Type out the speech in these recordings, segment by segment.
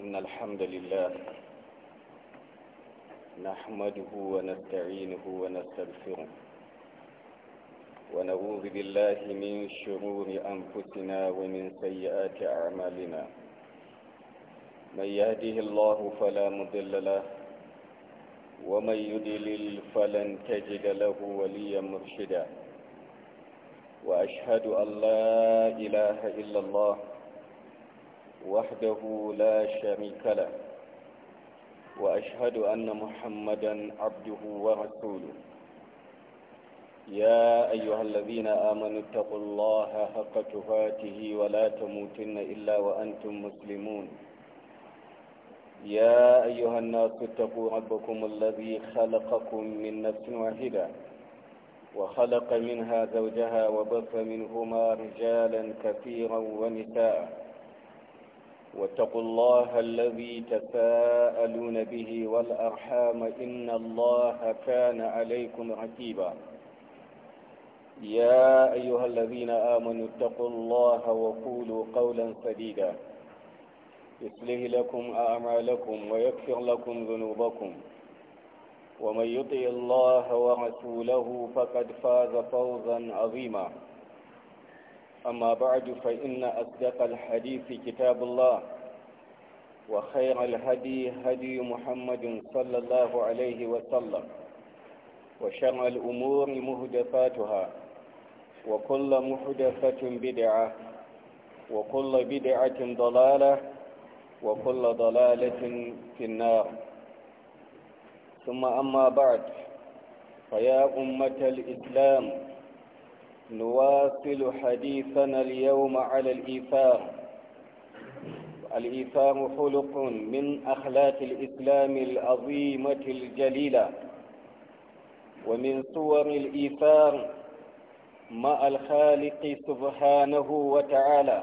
إن الحمد لله نحمده ونستعينه ونستغفره ونعوذ بالله من شرور أنفسنا ومن سيئات أعمالنا من يهده الله فلا مضل له ومن يضلل فلن تجد له وليا مرشدا وأشهد أن لا إله إلا الله وحده لا شريك له وأشهد أن محمدا عبده ورسوله يا أيها الذين آمنوا اتقوا الله حق تفاته ولا تموتن إلا وأنتم مسلمون يا أيها الناس اتقوا ربكم الذي خلقكم من نفس واحدة وخلق منها زوجها وبث منهما رجالا كثيرا ونساء واتقوا الله الذي تساءلون به والأرحام إن الله كان عليكم ركيبا يا أيها الذين آمنوا اتقوا الله وقولوا قولا سديدا يصلح لكم أعمالكم ويكفر لكم ذنوبكم ومن يطع الله ورسوله فقد فاز فوزا عظيما أما بعد فإن أصدق الحديث كتاب الله وخير الهدي هدي محمد صلى الله عليه وسلم وشر الأمور مهدفاتها وكل محدثة بدعة وكل بدعة ضلالة وكل ضلالة في النار ثم أما بعد فيا أمة الإسلام نواصل حديثنا اليوم على الإيثار الإيثار خلق من أخلاق الإسلام العظيمة الجليلة ومن صور الإيثار مع الخالق سبحانه وتعالى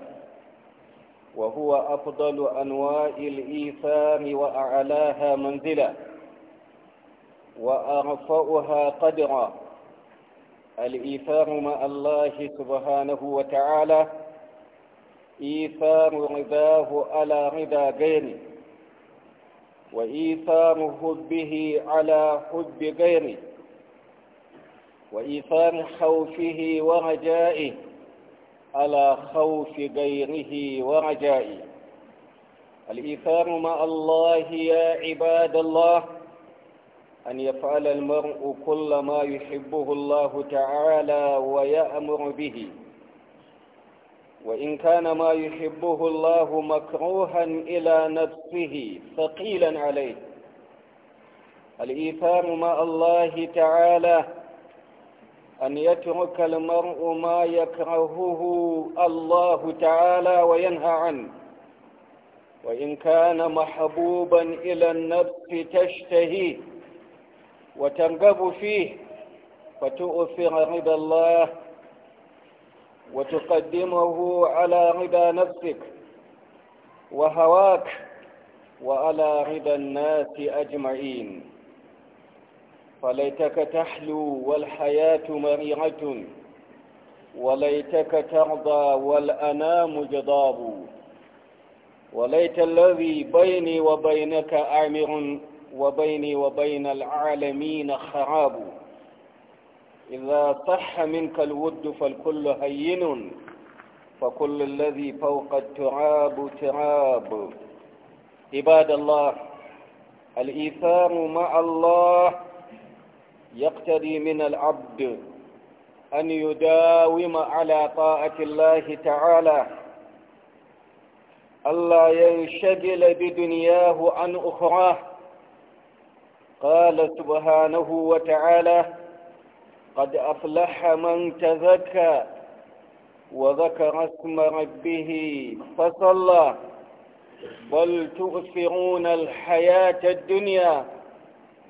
وهو أفضل أنواع الإيثار وأعلاها منزلة وأرفعها قدرًا الإيثار مع الله سبحانه وتعالى إيثار رضاه على رضا غيره وإيثار حبه على حب غيره وإيثار خوفه ورجائه على خوف غيره ورجائه الإيثار مع الله يا عباد الله أن يفعل المرء كل ما يحبه الله تعالى ويأمر به وإن كان ما يحبه الله مكروها إلى نفسه ثقيلا عليه الإيثار مع الله تعالى أن يترك المرء ما يكرهه الله تعالى وينهى عنه وإن كان محبوبا إلى النفس تشتهيه وتنقب فيه فتؤثر رضا الله وتقدمه على رضا نفسك وهواك وعلى رضا الناس أجمعين فليتك تحلو والحياة مريرة وليتك ترضى والأنام جضاب وليت الذي بيني وبينك أعمر وبيني وبين العالمين خراب إذا صح منك الود فالكل هين فكل الذي فوق التراب تراب عباد الله الإيثار مع الله يقتضي من العبد أن يداوم على طاعة الله تعالى ألا ينشغل بدنياه عن أخراه قال سبحانه وتعالى قد أفلح من تزكى وذكر اسم ربه فصلى بل تغفرون الحياة الدنيا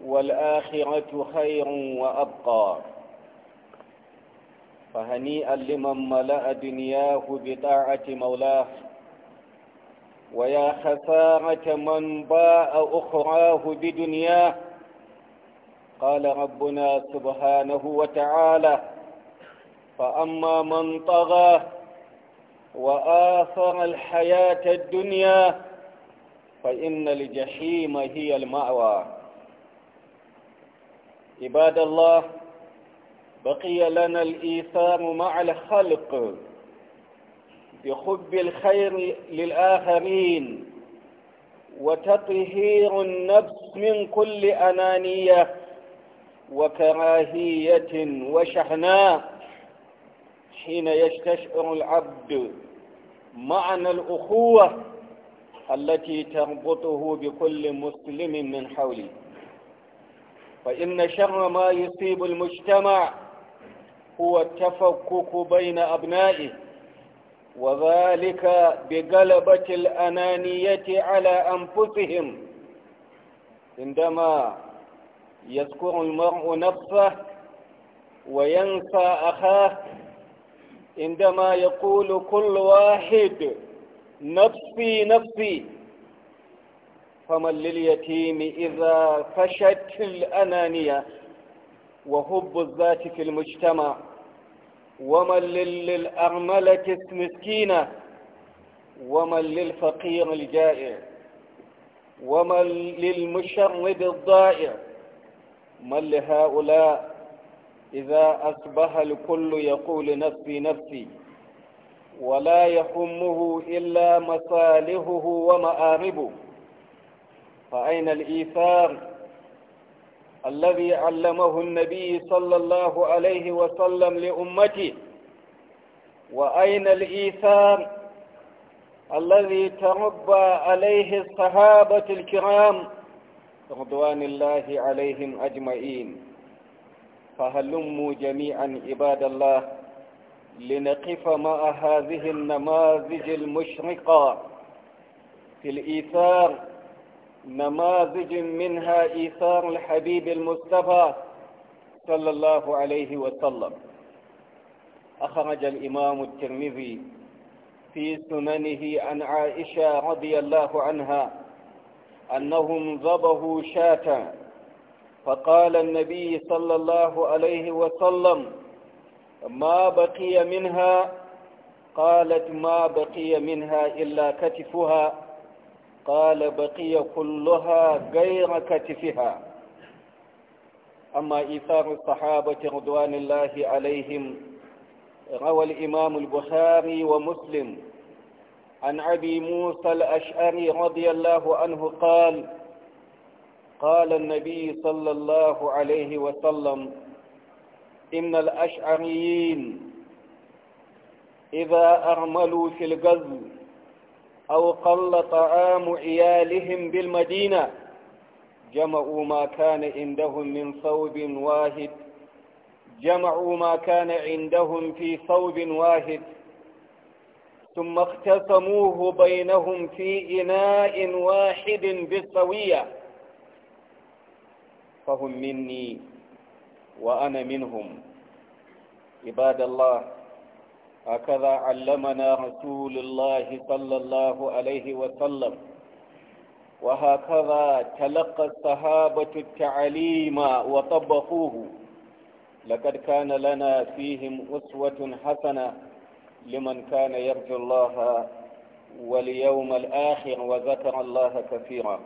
والآخرة خير وأبقى فهنيئا لمن ملأ دنياه بطاعة مولاه ويا خسارة من باء أخراه بدنياه قال ربنا سبحانه وتعالى فأما من طغى وآثر الحياة الدنيا فإن الجحيم هي المأوى عباد الله بقي لنا الإيثار مع الخلق بحب الخير للآخرين وتطهير النفس من كل أنانية وكراهية وشحناء حين يستشعر العبد معنى الأخوة التي تربطه بكل مسلم من حوله فإن شر ما يصيب المجتمع هو التفكك بين أبنائه وذلك بقلبة الأنانية على أنفسهم عندما يذكر المرء نفسه وينسى أخاه عندما يقول كل واحد نفسي نفسي فمن لليتيم إذا فشت الأنانية وهب الذات في المجتمع ومن للأرملة المسكينة ومن للفقير الجائع ومن للمشرد الضائع من لهؤلاء إذا أصبح الكل يقول نفسي نفسي ولا يهمه إلا مصالحه ومآربه فأين الإيثار الذي علمه النبي صلى الله عليه وسلم لأمته وأين الإيثار الذي تربى عليه الصحابة الكرام رضوان الله عليهم أجمعين فهلموا جميعا عباد الله لنقف مع هذه النماذج المشرقة في الإيثار نماذج منها إيثار الحبيب المصطفى صلى الله عليه وسلم أخرج الإمام الترمذي في سننه عن عائشة رضي الله عنها أنهم ذبحوا شاة فقال النبي صلى الله عليه وسلم ما بقي منها قالت ما بقي منها إلا كتفها قال بقي كلها غير كتفها أما إيثار الصحابة رضوان الله عليهم روى الإمام البخاري ومسلم عن أبي موسى الأشعري رضي الله عنه قال قال النبي صلى الله عليه وسلم إن الأشعريين إذا أرملوا في الغزو أو قل طعام عيالهم بالمدينة جمعوا ما كان عندهم من ثوب واحد جمعوا ما كان عندهم في ثوب واحد ثم اختصموه بينهم في إناء واحد بالسوية فهم مني وأنا منهم عباد الله هكذا علمنا رسول الله صلى الله عليه وسلم وهكذا تلقى الصحابة التعليم وطبقوه لقد كان لنا فيهم أسوة حسنة لمن كان يرجو الله واليوم الآخر وذكر الله كثيرا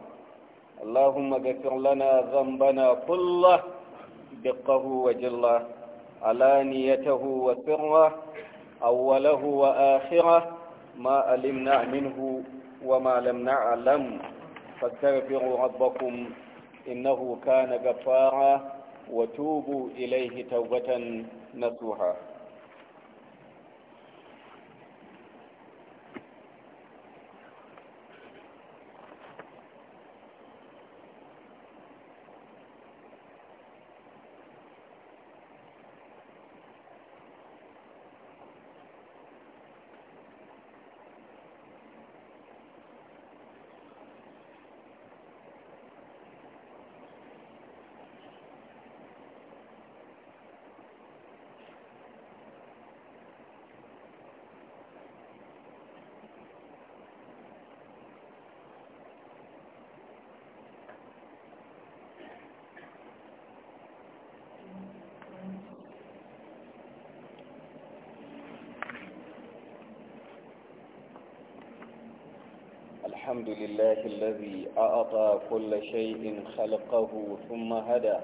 اللهم اغفر لنا ذنبنا كله دقه وجله علانيته وسره أوله وآخره ما علمنا منه وما لم نعلم فاستغفروا ربكم إنه كان غفارا وتوبوا إليه توبة نصوحا الحمد لله الذي أعطى كل شيء خلقه ثم هدى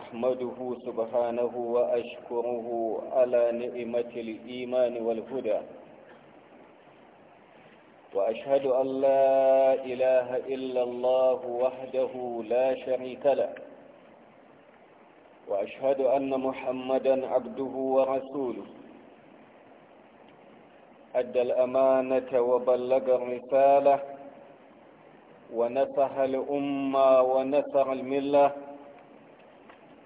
أحمده سبحانه وأشكره على نعمة الإيمان والهدى وأشهد أن لا إله إلا الله وحده لا شريك له وأشهد أن محمدا عبده ورسوله أدى الأمانة وبلغ الرسالة ونصح الأمة ونصح الملة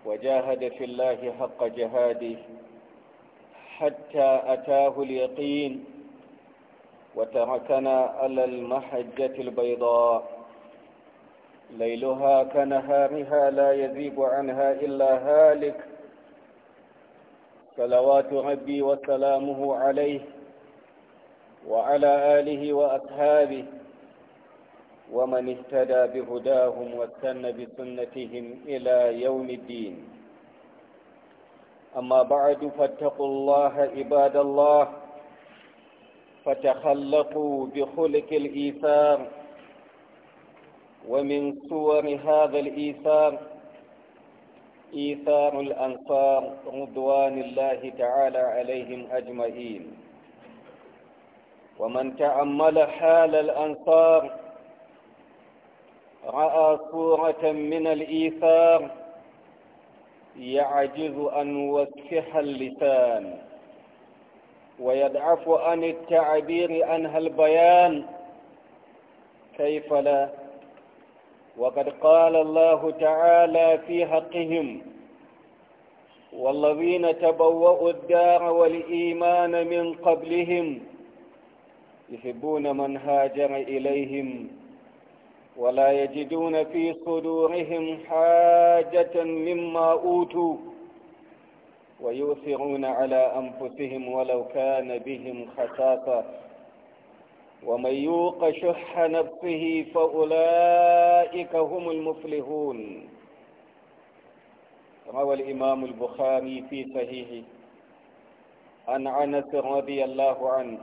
وجاهد في الله حق جهاده حتى أتاه اليقين وتركنا على المحجة البيضاء ليلها كنهارها لا يذيب عنها إلا هالك صلوات ربي وسلامه عليه وعلى آله وأصحابه ومن اهتدى بهداهم واستنى بسنتهم إلى يوم الدين أما بعد فاتقوا الله عباد الله فتخلقوا بخلق الإيثار ومن صور هذا الإيثار إيثار الأنصار رضوان الله تعالى عليهم أجمعين ومن تأمل حال الأنصار رأى صورة من الإيثار يعجز أن وسح اللسان ويضعف عن التعبير عنها البيان كيف لا وقد قال الله تعالى في حقهم والذين تبوأوا الدار والإيمان من قبلهم يحبون من هاجر إليهم ولا يجدون في صدورهم حاجة مما أوتوا ويؤثرون على أنفسهم ولو كان بهم خساسة ومن يوق شح نفسه فأولئك هم المفلحون روى الإمام البخاري في صحيحه عن عنس رضي الله عنه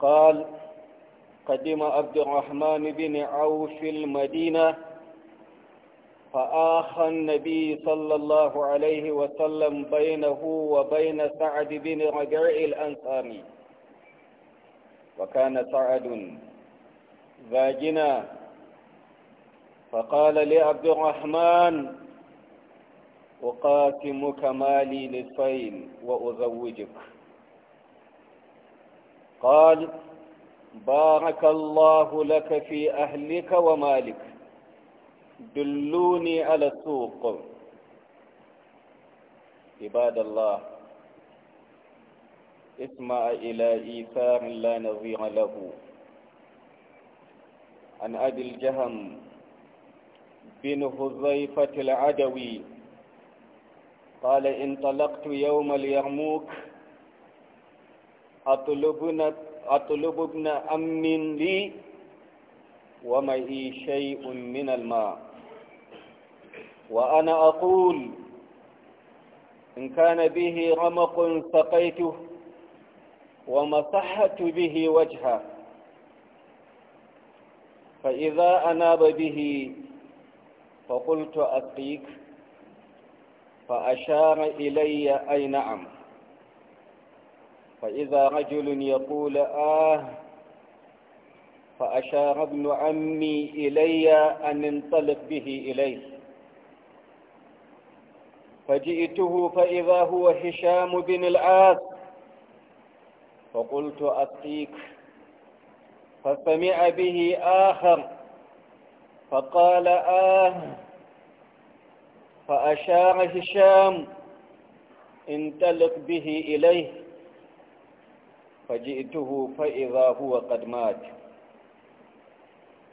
قال قدم عبد الرحمن بن عوف المدينة فآخى النبي صلى الله عليه وسلم بينه وبين سعد بن رجع الأنصاري وكان سعد ذا فقال لعبد الرحمن أقاسمك مالي نصفين وأزوجك قال بارك الله لك في أهلك ومالك دلوني على السوق عباد الله اسمع إلى إيثار لا نظير له عن أبي الجهم بن هزيفة العدوي قال انطلقت يوم اليرموك أطلبنا أطلب ابن أم لي ومعي شيء من الماء وأنا أقول إن كان به رمق سقيته ومسحت به وجهه فإذا أناب به فقلت أسقيك فأشار إلي أي نعم فإذا رجل يقول آه فأشار ابن عمي إلي أن انطلق به إليه فجئته فإذا هو هشام بن العاص فقلت أسقيك فسمع به آخر فقال آه فأشار هشام انطلق به إليه فجئته فإذا هو قد مات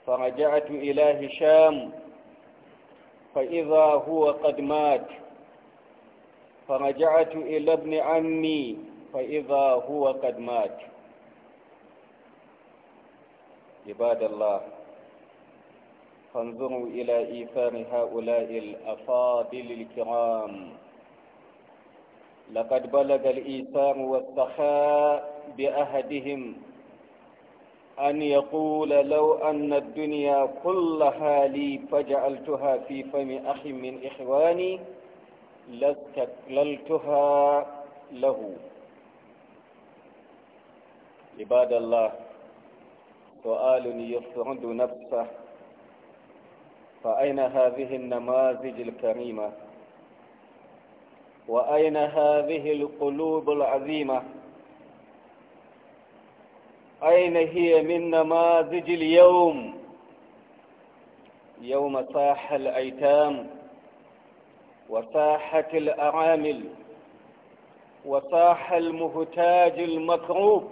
فرجعت إلى هشام فإذا هو قد مات فرجعت إلى ابن عمي فإذا هو قد مات عباد الله فانظروا إلى إيثار هؤلاء الأفاضل الكرام لقد بلغ الإيثار والسخاء بأهدهم أن يقول لو أن الدنيا كلها لي فجعلتها في فم أخ من إخواني لاستقللتها له عباد الله سؤال يصعد نفسه فأين هذه النماذج الكريمة وأين هذه القلوب العظيمة أين هي من نماذج اليوم يوم صاح الأيتام وصاحت الأعامل وصاح المهتاج المكروب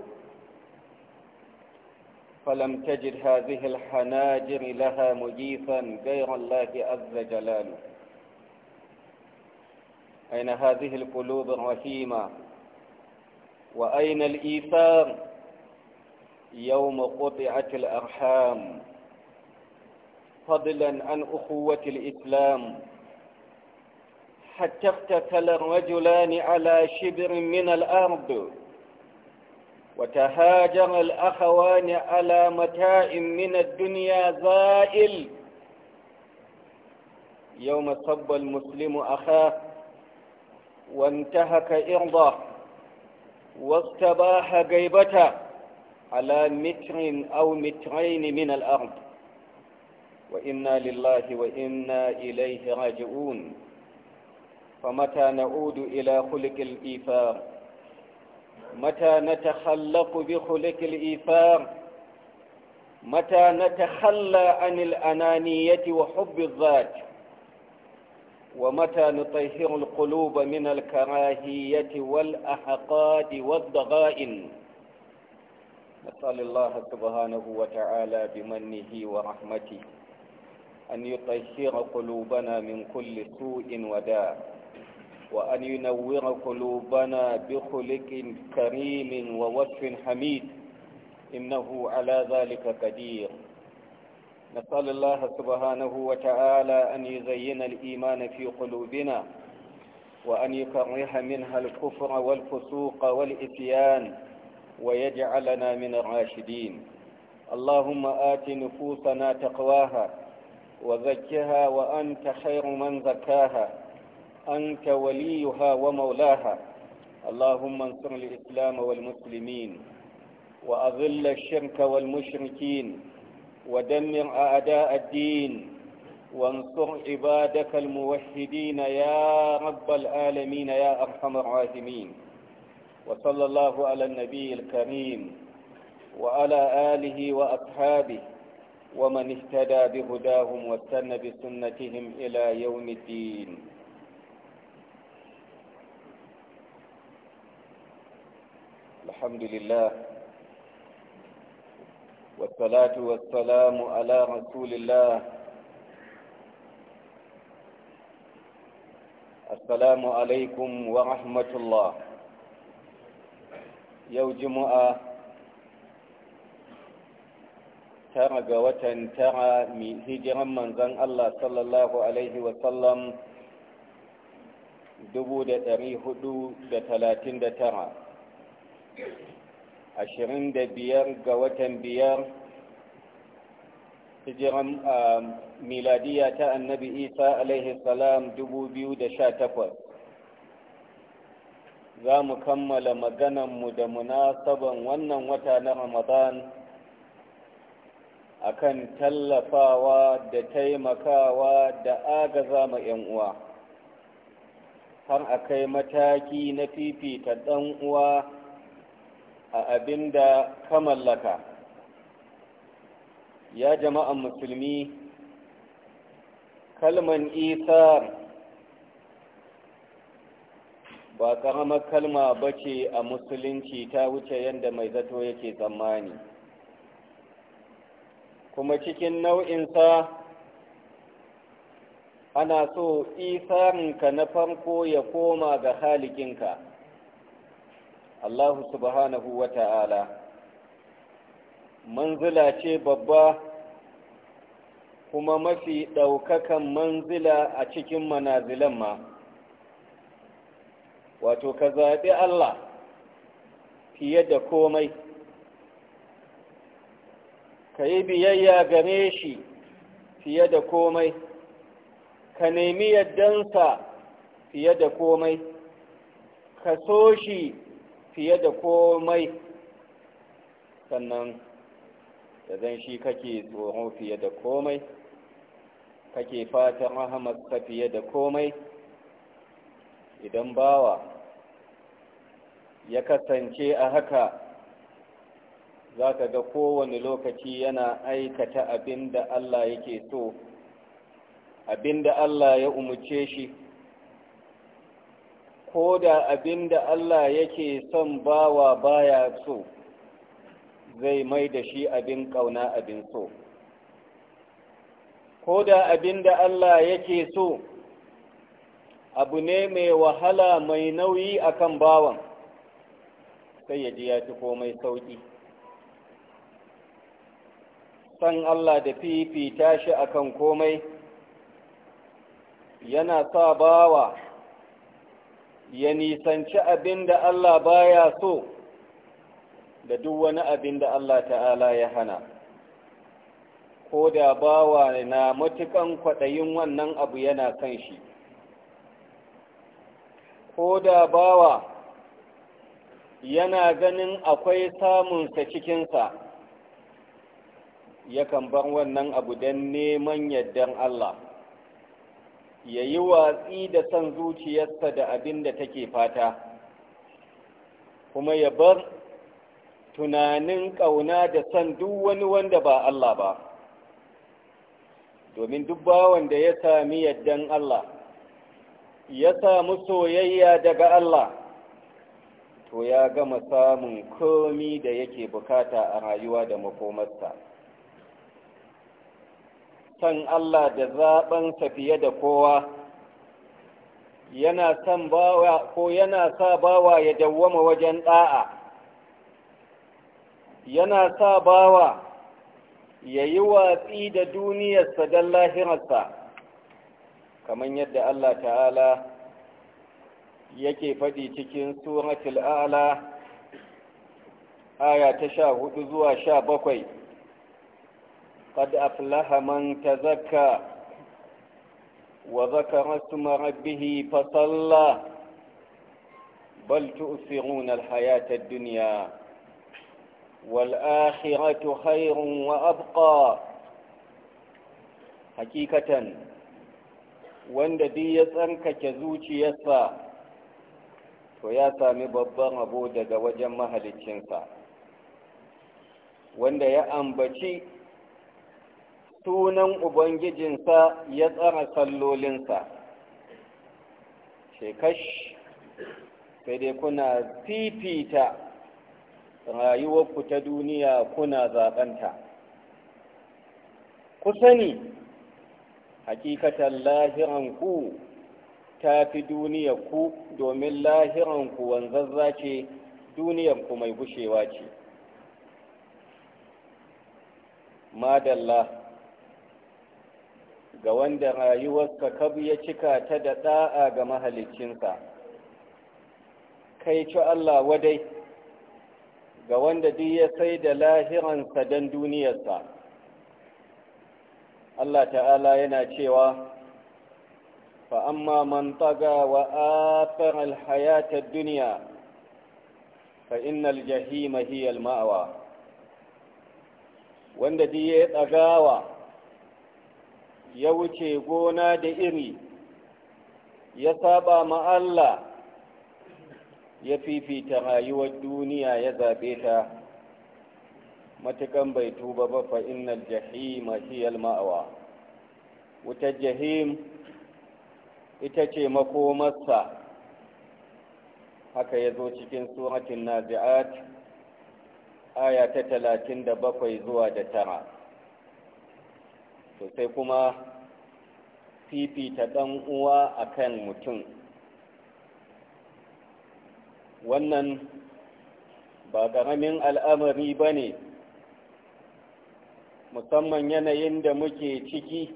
فلم تجد هذه الحناجر لها مجيفا غير الله عز جلاله أين هذه القلوب الرحيمة وأين الإيثار يوم قطعت الأرحام فضلا عن أخوة الإسلام حتى اقتتل الرجلان على شبر من الأرض وتهاجر الأخوان على متاع من الدنيا زائل يوم صب المسلم أخاه وانتهك إرضاه واستباح جيبته على متر أو مترين من الأرض وإنا لله وإنا إليه راجعون فمتى نعود إلى خلق الإيثار متى نتخلق بخلق الإيثار متى نتخلى عن الأنانية وحب الذات ومتى نطهر القلوب من الكراهية والأحقاد والضغائن نسأل الله سبحانه وتعالى بمنه ورحمته أن يطهر قلوبنا من كل سوء وداء وأن ينور قلوبنا بخلق كريم ووصف حميد إنه على ذلك قدير نسأل الله سبحانه وتعالى أن يزين الإيمان في قلوبنا وأن يكره منها الكفر والفسوق والإتيان ويجعلنا من الراشدين اللهم آت نفوسنا تقواها وزكها وأنت خير من زكاها أنت وليها ومولاها اللهم انصر الإسلام والمسلمين وأذل الشرك والمشركين ودمر أعداء الدين وانصر عبادك الموحدين يا رب العالمين يا أرحم الراحمين وصلى الله على النبي الكريم وعلى آله وأصحابه ومن اهتدى بهداهم واستنى بسنتهم إلى يوم الدين الحمد لله والصلاة والسلام على رسول الله السلام عليكم ورحمة الله يوم جمعة tara ga watan tara mai hijiran manzan Allah da talatin da tara ashirin da biyar ga watan biyar hijiran miladiya ta annabi isa alaihi salam dubu biyu da sha takwas za mu kammala maganarmu da munasaban wannan wata na ramadan akan tallafawa da taimakawa da agaza ma 'yan uwa har a kai mataki na fifita ɗan uwa a abin da ka mallaka ya jama'an musulmi kalman isar ba ƙaramar kalma ba ce a musulunci ta wuce yadda mai zato yake tsammani kuma cikin nau'insa ana so isarinka na farko ya koma ga halikinka Allah subhanahu wa ta'ala manzila ce babba kuma mafi ɗaukakan manzila a cikin manazilan ma wato ka zaɓi Allah fiye da komai ka yi biyayya game shi fiye da komai ka nemi yaddansa fiye da komai ka so shi fiye da komai sannan da zan shi kake tsoron fiye da komai kake fatan rahamarsa fiye da komai idan bawa ya kasance a haka za ka ga kowane lokaci yana aikata abin da Allah yake so abin da Allah ya umarce shi ko da abin da Allah yake son bawa baya so zai mai da shi abin ƙauna abin so ko da abin da Allah yake so abu ne mai wahala mai nauyi akan bawan sai ya ji ya ci komai sauƙi san Allah da fifita shi akan komai yana sa bawa ya nisanci abin da Allah baya so da duk wani abin da Allah ta'ala ya hana ko da bawa na matukan kwaɗayin wannan abu yana kan shi ko da bawa yana ganin akwai samunsa cikinsa yakan bar wannan abu don neman yaddan Allah ya yi watsi da son zuciyarsa da abin da take fata kuma ya bar tunanin ƙauna da son duk wani wanda ba Allah ba domin duk da ya sami yaddan Allah ya samu soyayya daga Allah to ya gama samun komi da yake bukata a rayuwa da makomarsa son Allah da sa fiye da kowa yana son bawa ko yana sa bawa ya dawwama wajen ɗa'a yana sa bawa ya yi watsi da duniyarsa don lahirarsa kamar yadda Allah ta'ala yake faɗi cikin suratul a'la aya ta sha hudu zuwa sha bakwai قد أفلح من تزكى وذكر اسم ربه فصلى بل تؤثرون الحياة الدنيا والآخرة خير وأبقى حقيقة wanda duk ya tsarkake zuciyarsa to ya sami babban rabo daga wajen mahalicinsa wanda ya ambaci sunan ubangijinsa ya tsara sallolinsa shekash sai dai kuna fifita rayuwarku ta duniya kuna zaɓanta ku sani hakikatan lahiranku ta fi duniyarku domin lahiranku wanzazza ce duniyarku mai gushewa ce madalla ga wanda rayuwarsa kabu ya cika ta da ɗa'a ga mahalicinsa kai ci Allah wadai ga wanda duk ya sai da lahiransa don duniyarsa Allah ta'ala yana cewa فأما من طغى وآثر duniya الدنيا فإن الجحيم هي ma'awa. wanda duk ya tsagawa ya wuce gona da iri ya saba ma Allah ya fifita rayuwar duniya ya zaɓe ta matukan bai tuba ba fa innal jahima hiyal ma'awa wutar jahim ita ce makomarsa haka ya zo cikin suratun nazi'at aya ta talatin da bakwai zuwa da tara to sai kuma fifita ɗan uwa akan mutum wannan ba ƙaramin al'amari ba ne musamman yanayin da muke ciki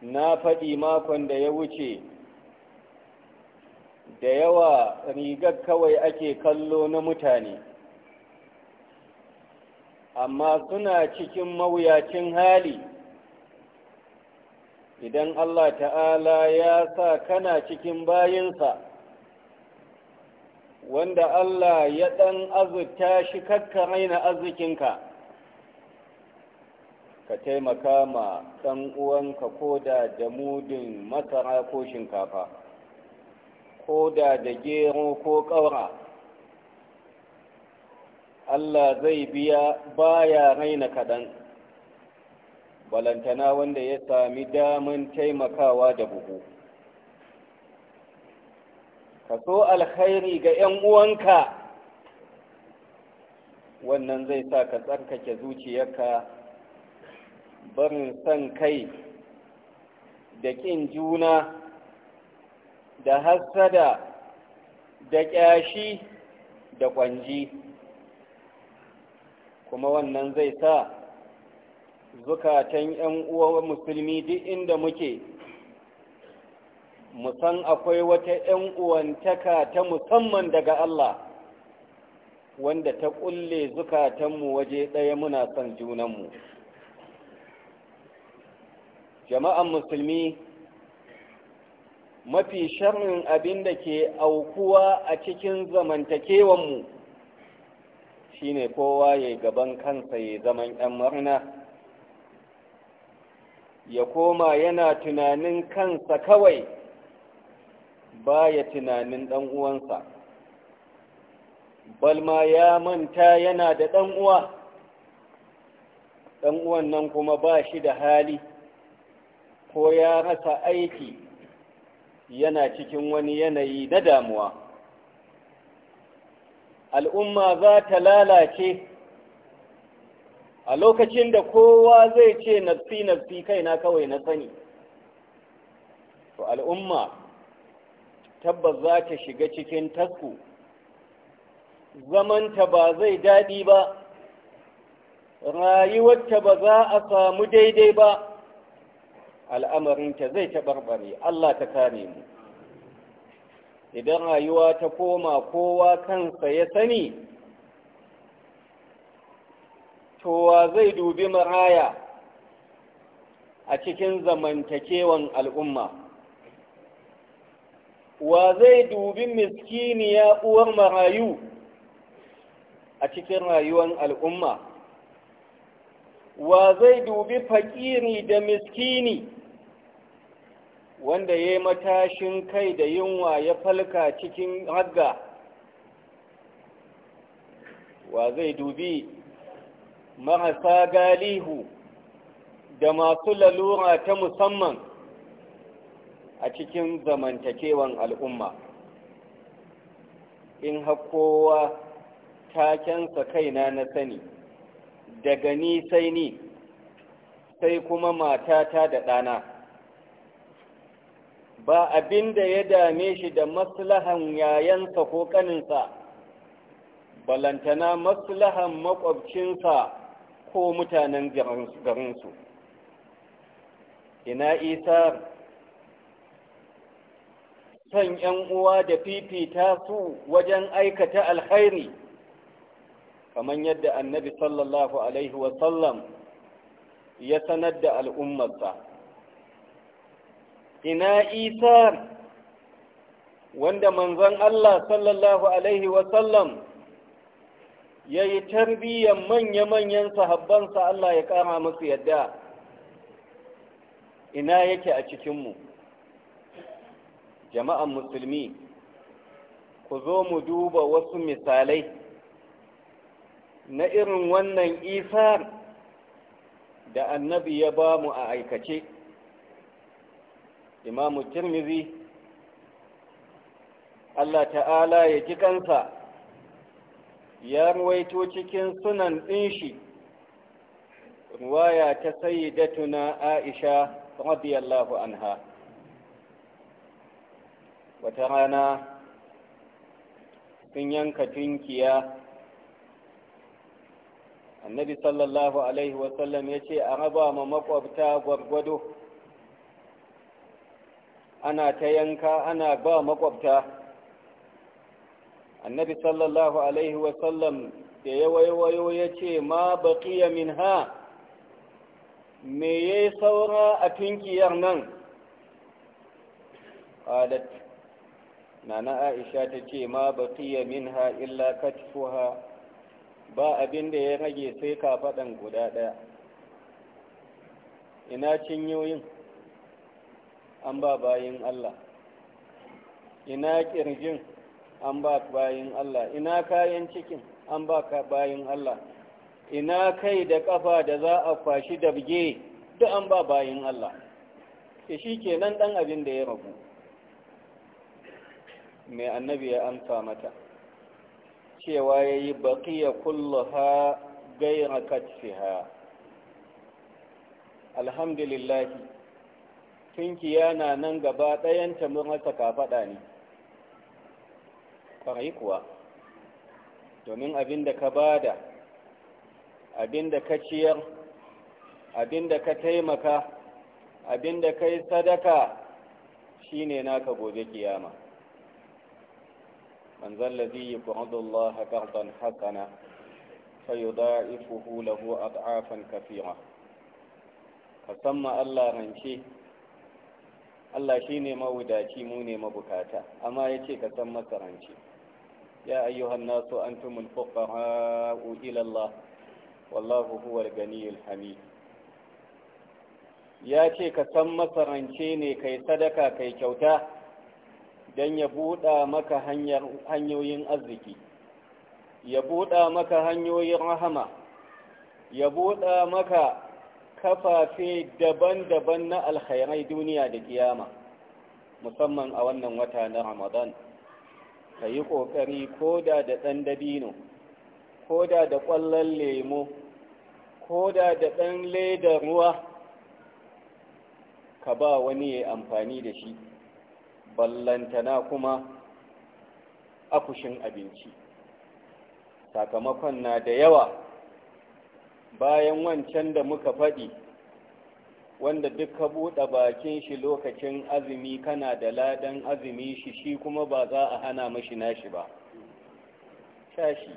na faɗi makon da ya wuce da yawa rigar kawai ake kallo na mutane amma suna cikin mawuyacin hali idan Allah ta'ala ya sa kana cikin bayinsa wanda Allah ya ɗan azurta shi kakka raina arzikinka ka taimaka ma ɗan uwanka koda da mudin masara ko shinkafa koda da gero ko ƙaura Allah zai biya baya raina kaɗan balantana wanda ya sami daman taimakawa da bugu. ka so alkhairi ga 'yan uwanka wannan zai sa ka tsarkake zuciyarka barin son kai da ƙin juna da hassada da ƙyashi da ƙwanji kuma wannan zai sa zukatan 'yan uwa musulmi duk inda muke musan akwai wata 'yan uwantaka ta musamman daga Allah wanda ta kulle zukatanmu waje ɗaya muna son junanmu jama'an musulmi mafi sharrin abin da ke aukuwa a cikin zamantakewanmu mu shine kowa ya gaban kansa ya zaman ‘yan murna ya koma yana tunanin kansa kawai ba ya tunanin ɗanuwansa uwansa balma ya manta yana da ɗan’uwa uwa ɗan uwan nan kuma ba shi da hali ko ya rasa aiki yana cikin wani yanayi na damuwa al'umma za ta lalace a lokacin da kowa zai ce nafi nasi kaina kawai na sani to al'umma tabbas za ta shiga cikin tasku zamanta ba zai daɗi ba rayuwarta ba za a samu daidai ba al'amarinta zai taɓarɓare Allah ta kare mu idan rayuwa ta koma kowa kansa ya sani towa zai dubi maraya a cikin zamantakewan al'umma wa zai dubi miskiniya uwar marayu a cikin rayuwan al'umma wa zai dubi fakiri da miskini wanda ya yi matashin kai da yunwa ya falka cikin hagga wa zai dubi marasa galihu da masu lalura ta musamman a cikin zamantakewan al'umma in hakowa takensa kaina na sani daga ni sai ni sai kuma matata da ɗana ba abinda ya dame shi da maslahan yayansa ko kaninsa balantana maslahan makwabcinsa ko mutanen garinsu ina isa son ‘yan uwa da fifita su wajen aikata alkhairi kamar yadda annabi sallallahu alaihi wasallam ya sanar da al'ummarsa ina isar wanda manzon Allah sallallahu alaihi wasallam ya yi tarbiyyar manya-manyan sahabbansa Allah ya ƙara musu yadda ina yake a cikinmu jama'an musulmi ku zo mu duba wasu misalai na irin wannan isar da annabi ya ba mu a aikace imamu tirmizi Allah ta'ala ya ji ya ruwaito cikin sunan ɗin shi ruwaya ta sayyidatuna aisha radiyallahu anha wata rana sun yanka tunkiya annabi sallallahu alaihi wasallam ya ce a raba ma makwabta gwargwado ana ta yanka ana ba makwabta annabi sallallahu alaihi wasallam da ya waiwayo ya ce ma baƙiya min ha me ya saura a tunkiyar nan ƙalat na aisha ta ce ma baƙiya min ha illa katifuha ba abin da ya rage sai kafaɗan guda ɗaya ina cinyoyin an ba bayin Allah ina ƙirjin an ba bayin Allah ina kayan cikin an ba bayin Allah ina kai da ƙafa da za a kwashi dabge duk an ba bayin Allah ke shi ke nan ɗan abin da ya rabu mai annabi ya amsa mata cewa ya yi baƙiya ha gaira katsiha alhamdulillahi tunkiya na nan gaba ɗayanta mun rasa kafaɗa ne ƙwarai kuwa domin abin da ka bada abin da ka ciyar abin da ka taimaka abin da ka sadaka shine naka gobe kiyama man zallazi yi ƙwaradullah haƙarɗan haƙana fayuda'ifuhu lahu ad'afan kafira ka san Allah rance Allah shi ne mawudaci mu ne mabukata amma ya ce ka san masaranci ya ayyuhan nasu antumul fuqara'u ila lalla, wallahu huwal ganiyul hamid ya ce ka san masarance ne kai sadaka kai kyauta Dan ya buɗa maka hanyoyin arziki ya buɗa maka hanyoyin rahama ya buɗa maka kafafe daban-daban na alkhairai duniya da kiyama musamman a wannan wata na ramadan ka yi ƙoƙari koda da ɗan dabino koda da ƙwallon lemo koda da ɗan ledar ruwa ka ba wani ya amfani da shi ballantana kuma akushin abinci sakamakon na da yawa bayan wancan da muka faɗi wanda duk ka buɗe bakin shi lokacin azumi kana da ladan azumi shi shi kuma ba za a hana mashi nashi ba shashi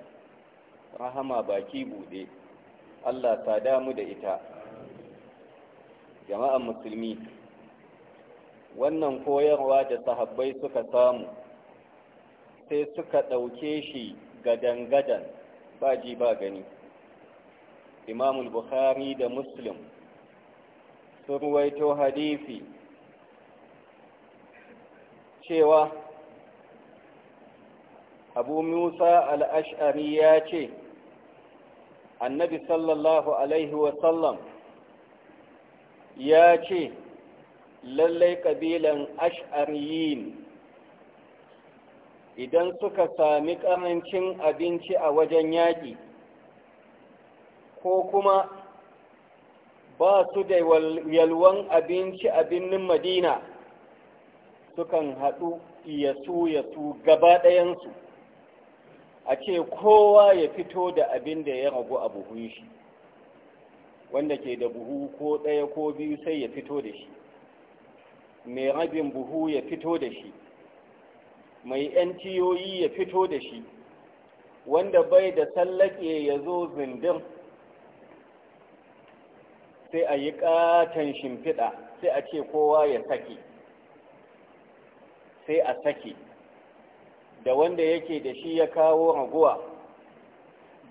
rahama baki buɗe Allah ta damu da ita jama'an musulmi wannan koyarwa da sahabbai suka samu sai suka ɗauke shi gadan-gadan ba ji ba gani imamul bukhari da muslim sun ruwaito hadisi cewa abu musa al'ash'ari ya ce annabi sallallahu alaihi wasallam ya ce lallai ƙabilan ash'ariyin idan suka sami ƙarancin abinci a wajen yaƙi ko kuma ba su da yalwan abinci a birnin madina sukan haɗu ya su ya gaba ɗayansu a ce kowa ya fito da abin da ya ragu a buhun shi wanda ke da buhu ko ɗaya ko biyu sai ya fito da shi mai rabin buhu ya fito da shi mai yantiyoyi e ya fito da shi wanda bai da sallake ya zo zindin sai a yi katon shimfiɗa sai a ce kowa ya sake sai a sake da wanda yake da shi ya kawo raguwa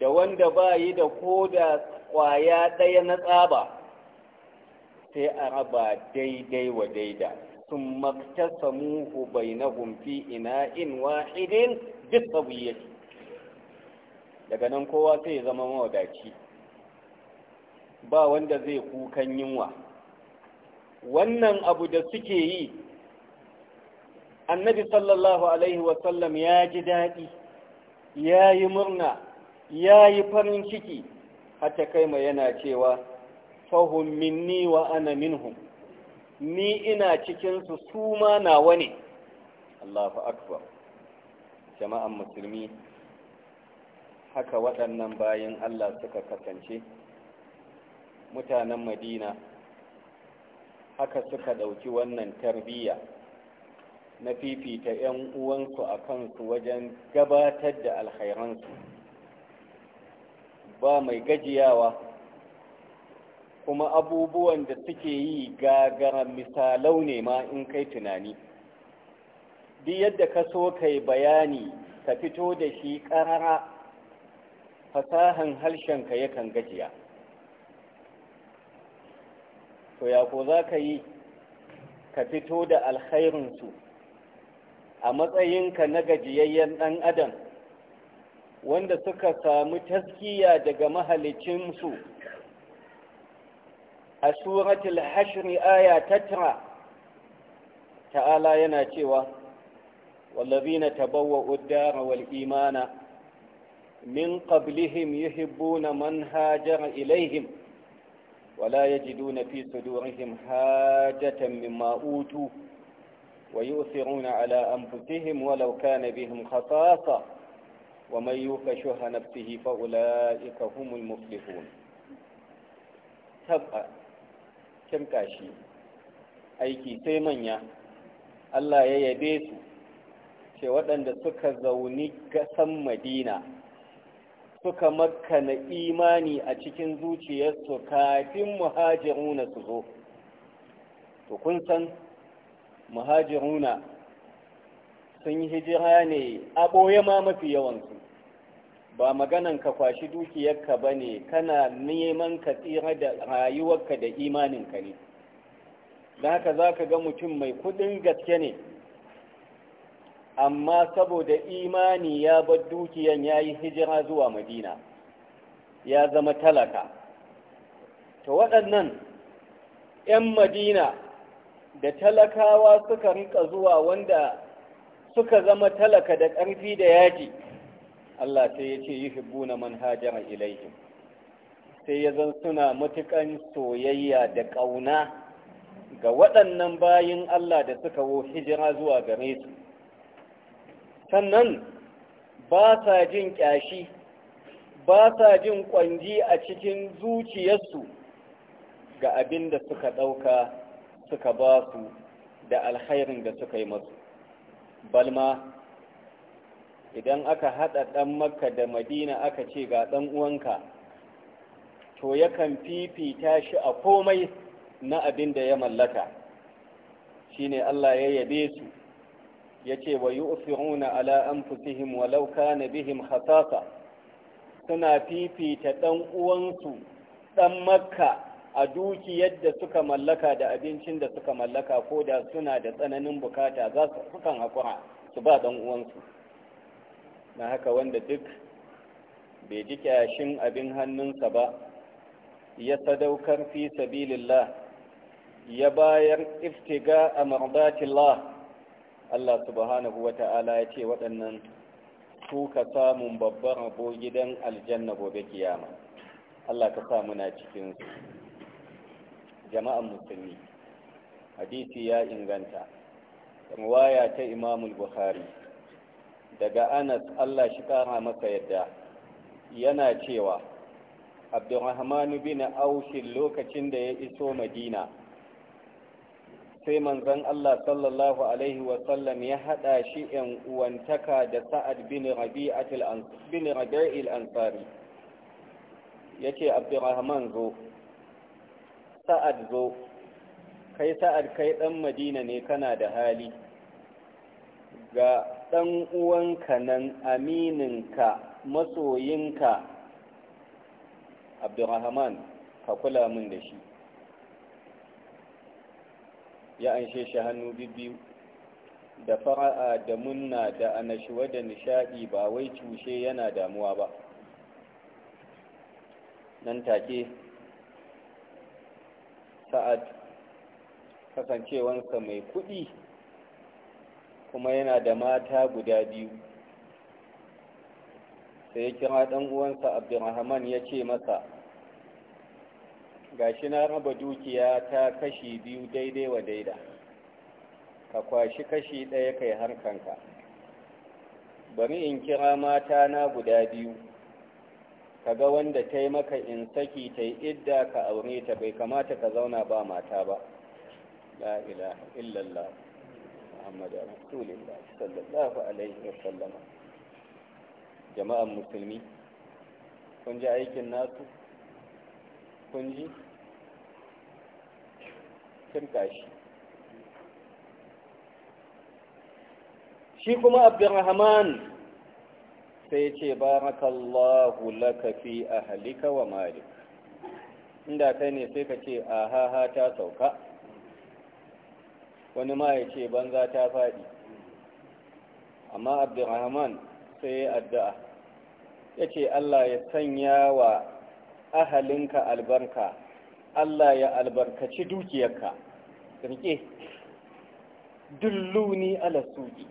da wanda ba yi da ko da ƙwaya ɗaya na tsaba sai a raba daidai wa daida sun maktasa bai na gumfi ina in wahidin duk sabu daga nan kowa sai ya zama mawadaci ba wanda zai kukan yunwa wannan abu da suke yi annabi sallallahu alaihi wasallam ya ji daɗi ya yi murna ya yi farin ciki kai mai yana cewa fahim minni wa ana minhum ni ina cikinsu su ma nawa ne Allahu akbar jama'an musulmi haka waɗannan bayan Allah suka kasance mutanen madina haka suka ɗauki wannan tarbiyya na fifita 'yan uwansu a kansu wajen gabatar da alkhairansu ba mai gajiyawa kuma abubuwan da suke yi gagara misalau ne ma in kai tunani duk yadda ka so kai bayani ka fito da shi ƙarara fasahan harshenka yakan gajiya to ya ko za ka yi ka fito da alkhairinsu a matsayinka na gajiyayyen ɗan adam wanda suka samu taskiya daga mahalicinsu a suratul hashri aya tatra ta'ala yana cewa wallazina tabawwa'u ad-dara wal imana min qablihim yuhibbuna man hajara ilaihim ولا يجدون في صدورهم حاجة مما أوتوا ويؤثرون على أنفسهم ولو كان بهم خصاصة ومن يوق شح نفسه فأولئك هم المفلحون تبقى كم كاشي aiki sai manya Allah ya yabe su ce waɗanda suka zauni gasan madina suka makana imani a cikin zuciyarsu kafin muhajiruna su zo to kun san muhajiruna sun yi hijira ne a ɓoye ma mafi yawansu ba maganan ka kwashi dukiyarka ba ne kana neman ka tsira da rayuwarka da imaninka ne da haka za ka ga mutum mai kudin gaske ne amma saboda imani ya bar dukiyan ya yi hijira zuwa madina ya zama talaka to waɗannan 'yan madina da talakawa suka rika zuwa wanda suka zama talaka da ƙarfi da yaji Allah sai ya ce yi na manhajar ilaihim sai ya zan suna matuƙan soyayya da ƙauna ga waɗannan bayin Allah da suka wo hijira zuwa gare su sannan ba sa jin ƙyashi ba sa jin ƙwanji a cikin zuciyarsu ga abin da suka ɗauka suka ba su da alkhairin da suka yi masu balma idan aka haɗa ɗan makka da madina aka ce ga ɗan uwanka to yakan fifita shi a komai na abin da ya mallaka shine Allah ya yabe su yace wa yu'thiruna ala anfusihim walau na bihim hasasa suna fifita ɗan uwansu ɗan makka a dukiyar da suka mallaka da abincin da suka mallaka ko da suna da tsananin bukata za su sukan haƙura su ba ɗan uwansu na haka wanda duk bai ji kyashin abin hannunsa ba ya sadaukar fi sabilillah ya bayar iftiga a mardatillah Allah subhanahu wa ta'ala ya ce waɗannan su ka samun babban rabo gidan aljanna gobe kiyama Allah ka sa muna cikinsu jama'an musulmi hadisi ya inganta waya ta imamul bukhari daga anas Allah shi kara masa yadda yana cewa abdurrahmanu bin aushin lokacin da ya iso madina sai manzon Allah sallallahu alaihi wasallam ya hada shi ‘yan uwantaka da sa'ad bin rabi'il ansari ya ce abdurrahman zo sa'ad zo kai sa'ad kai ɗan madina ne kana da hali ga ɗan uwanka nan amininka masoyinka abdurrahman ka kula min da shi ya anshe shi hannu biyu. da fara'a da munna da anashuwa da nishadi ba wai cushe yana damuwa ba nan take sa'ad kasancewansa mai kuɗi kuma yana da mata guda biyu sai ya kira ɗan uwansa abdurrahman ya ce masa Ga shi na raba dukiya ta kashi biyu daidai wa daida ka kwashi kashi ɗaya kai harkanka bari in kira mata na guda biyu ka ga wanda ta maka in saki ta yi idda ka aure ta bai kamata ka zauna ba mata ba La'ila illallah muhammadu rasulullah sallallahu alaihi wasallama jama'an musulmi kun ji aikin nasu kun ji turka shi shi kuma abdurrahman sai ce barakallahu laka fi ahlika wa malik inda kai ne sai ka ce a ahaha ta sauka wani ma ya ce banza ta faɗi amma abdurrahman sai ya addu'a ya ce allah ya sanya wa ahalinka albarka Allah ya albarkaci dukiyarka rike dulluni ala suki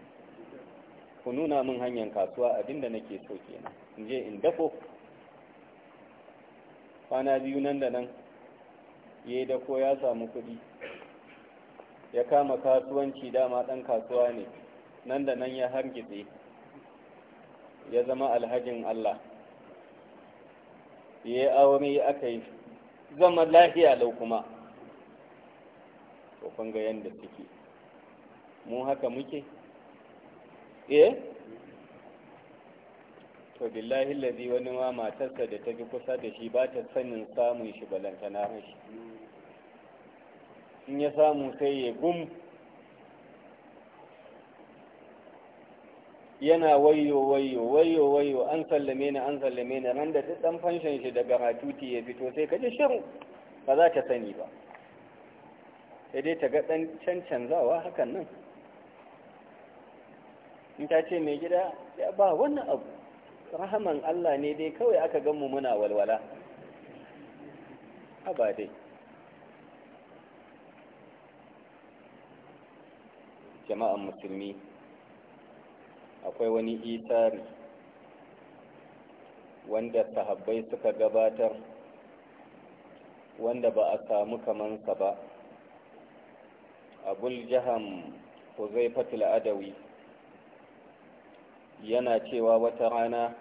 ku nuna min hanyar kasuwa abinda nake so kenan in je in dako kwana biyu nan da nan ya yi dako ya samu kuɗi ya kama kasuwanci dama ɗan kasuwa ne nan da nan ya hargitse ya zama alhajin Allah ya aure aka yi zama lahiya lau kuma kun ga yadda suke mu haka muke eh to billahi lazi wani ma matarsa da ta fi kusa da shi ba ta sanin samun shi balantana shi in ya samu sai ya gum yana wayo wayo wayo wayo an sallame ni an sallame ni ran da dan fanshin shi daga hatuti ya fito sai ka ji shiru ba za ta sani ba sai dai ta ga dan zawa hakan nan in ta ce mai gida ya ba wannan abu rahaman Allah ne dai kawai aka gan mu muna walwala haba dai jama'an musulmi akwai wani itari wanda sahabbai suka gabatar wanda ba a samu kamansa ba abul jaham huzaifatul adawi yana cewa wata rana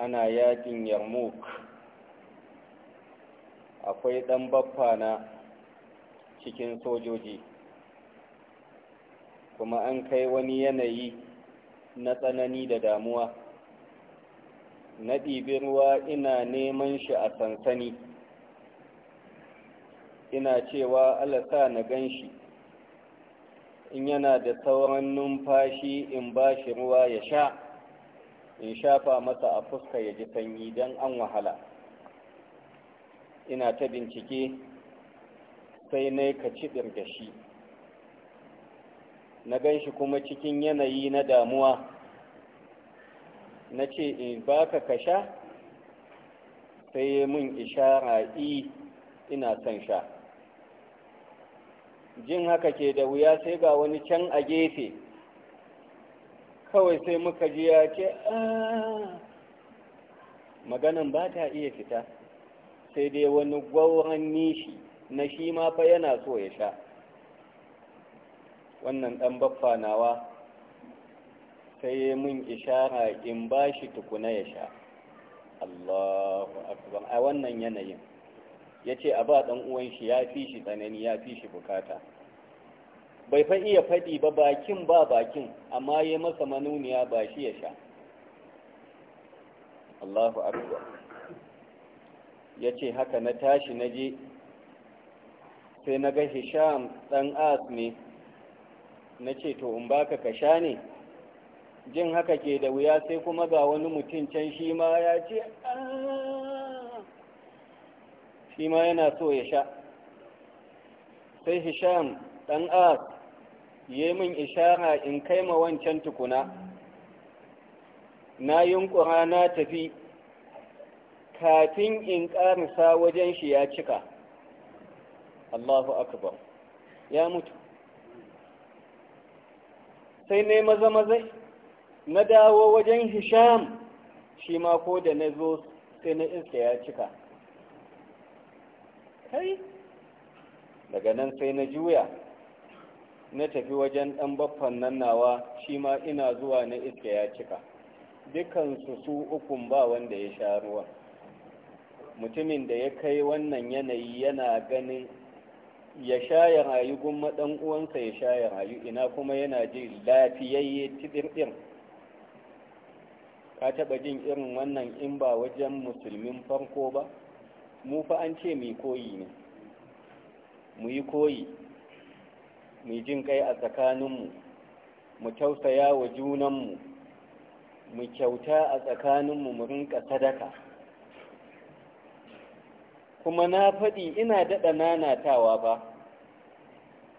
ana yakin yarmouk akwai ɗan baffa na cikin sojoji kuma an kai wani yanayi na tsanani da damuwa na ɗibin ruwa ina neman shi a sansani ina cewa sa na gan shi in yana da sauran numfashi in ba shi ruwa ya sha in shafa masa a fuska ya ji sanyi don an wahala ina ta bincike sai na ka cibir da shi na gan shi kuma cikin yanayi na damuwa na ce in eh, baka ka sha sai mun ishara i e, ina son sha jin haka ke da wuya sai ga wani can a gefe kawai sai muka ji ya ce ah! maganan ba ta iya fita sai dai wani gwauran nishi na shi ma fa yana so ya sha wannan ɗan baffa nawa sai mun ishara in ba shi tukuna ya sha Allahu akbar a wannan yanayin ya ce a ba ɗan shi ya fi shi tsanani ya fi shi bukata bai fa iya faɗi ba bakin ba bakin amma ya masa manuniya ba shi ya sha Allahu akbar ya ce haka na tashi na je sai na ga hisham ɗan as ne na ce to in baka ka sha ne jin haka ke da wuya sai kuma ga wani mutum can shi ma ya ce ah. shi ma yana so ya sha sai hisham ɗan as yi min ishara in kai ma wancan tukuna na yunkura na tafi kafin in ƙarisa wajen shi ya cika Allahu akbar ya mutu sai ne maza maza na dawo wajen hisham shi ma ko da na zo sai na iska ya cika kai daga nan sai na juya na tafi wajen ɗan baffan nan nawa shi ma ina zuwa na iska ya cika dukansu su ukun ba wanda ya sha ruwa mutumin da ya kai wannan yanayi yana ganin ya sha ya rayu gumma ɗan uwansa ya sha ya rayu ina kuma yana ji lafiyayye tiɗirɗir ka taɓa jin irin wannan in ba wajen musulmin farko ba mu fa an ce mai koyi ne mu yi koyi mu jin kai a tsakaninmu mu tausaya wa junanmu mu kyauta a tsakaninmu mu rinka sadaka kuma na faɗi ina daɗa nanatawa ba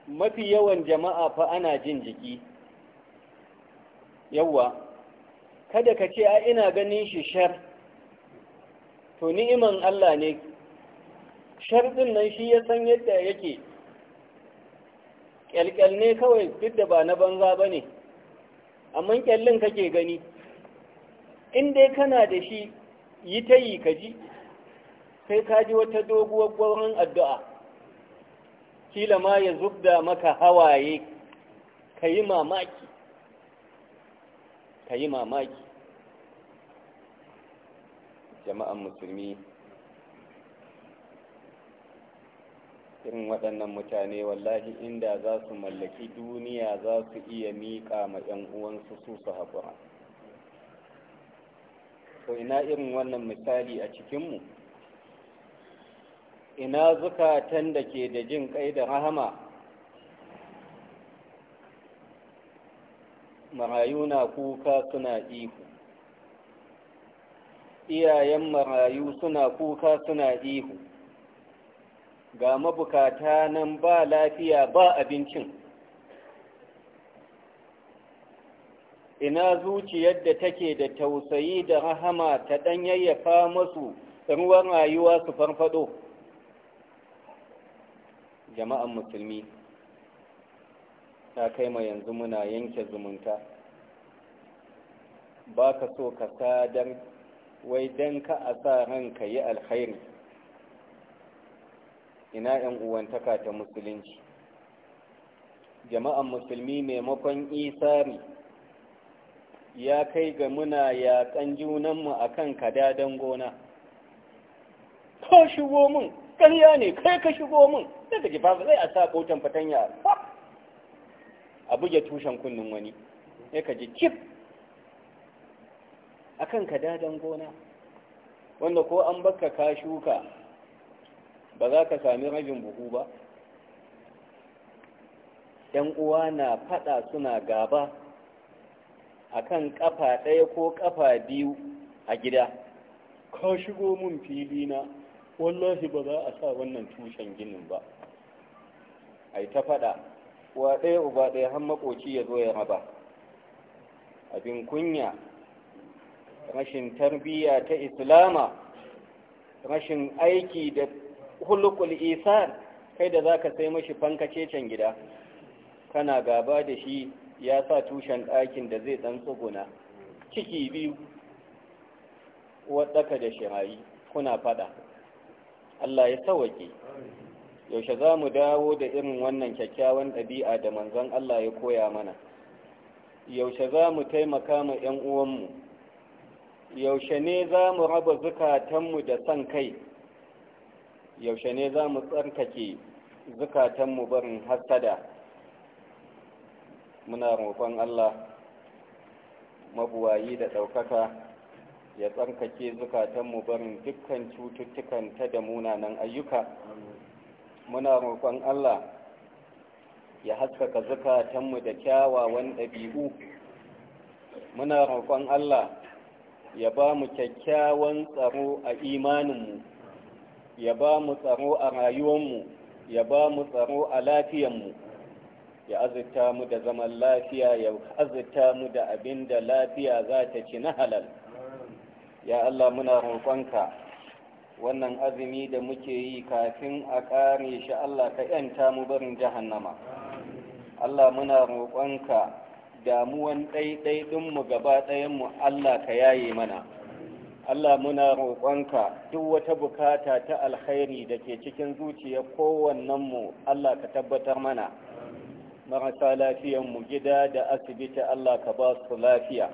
mafi yawan jama'a fa ana jin jiki yawwa kada ka ce a ina ganin shi shar to ni'iman Allah ne sharɗin nan shi ya san yadda yake ƙyalƙyal ne kawai duk da ba na banza ba ne amma ƙyallin kake gani in dai kana da shi yi ta yi ka ji sai ka ji wata doguwar gwaurin addu'a kila ma ya zubda maka hawaye ka yi mamaki ka yi mamaki jama'an musulmi irin waɗannan mutane wallahi inda za su mallaki duniya za su iya miƙa ma 'yan uwansu su su haƙura ko ina irin wannan misali a cikinmu ina zukatan da ke da jin kai da rahama marayu na kuka suna ihu iyayen marayu suna kuka suna ihu ga mabukata nan ba lafiya ba abincin ina zuciyar da take da tausayi da rahama ta ɗanyayyafa masu ruwan rayuwa su farfado jama'an musulmi ta kai ma yanzu muna yanke zumunta ba ka so ka sadar wai dan ka a sa ranka yi alkhairi ina ‘yan uwantaka ta musulunci jama'an musulmi maimakon isari ya kai ga muna yaƙan junanmu akan kadadan gona ko shigo mun ƙarya ne kai ka shigo min sai ka ji ba zai a sa kotan fatanya a buge tushen kunnin wani sai ka ji akan ka dadan gona wanda ko an baka ka shuka ba za ka sami rabin buhu ba ‘yan uwa na fada suna gaba akan ƙafa ɗaya ko ƙafa biyu a gida ka shigo mun fili na wallahi ba za a sa wannan tushen ginin ba a ta faɗa wa ɗaya uba ɗaya har makoci ya zo ya raba abin kunya rashin tarbiyya ta islama rashin aiki da hulukul isan kai da za ka sai mashi fankacecen gida kana gaba da shi ya sa tushen ɗakin da zai ɗan tsuguna ciki biyu tsaka da shirayi kuna fada Allah ya sawake yaushe za mu dawo da irin wannan kyakkyawan ɗabi'a da manzan Allah ya koya mana yaushe za mu taimaka ma 'yan uwanmu yaushe ne za mu raba zukatanmu da san kai yaushe ne za mu tsarkake zukatanmu barin hassada? muna roƙon Allah mabuwayi da ɗaukaka ya tsarkake zukatanmu barin dukkan cututtukan ta da munanan ayyuka muna roƙon Allah ya haskaka zukatanmu da kyawawan ɗabi'u muna roƙon Allah ya ba mu kyakkyawan tsaro a imaninmu ya ba mu tsaro a rayuwanmu ya ba mu tsaro a lafiyanmu ya azurta mu da zaman lafiya ya azurta mu da abin da lafiya za ta ci na halal ya Allah muna roƙonka wannan azumi da muke yi kafin a ƙare shi Allah ka ƴanta mu barin jahannama Allah muna roƙonka damuwan mu gaba ɗayanmu Allah ka yaye mana Allah muna roƙonka duk wata bukata ta alkhairi da ke cikin zuciya kowannenmu Allah ka tabbatar mana marasa lafiyanmu gida da asibiti Allah ka ba su lafiya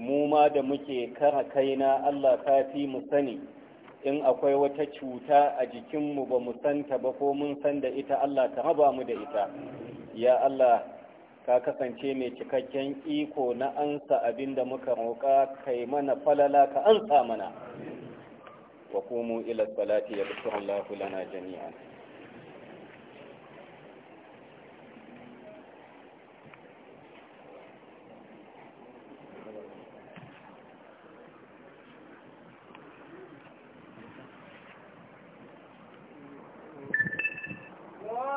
mu ma da muke kara kaina Allah ka fi mu sani in akwai wata cuta a jikinmu ba mu santa ba ko mun san da ita Allah ka raba mu da ita ya Allah ka kasance mai cikakken iko na ansa abinda muka roƙa kai mana falala ka ansa mana wa kumu ila salati ya bisu Allah lana jami'an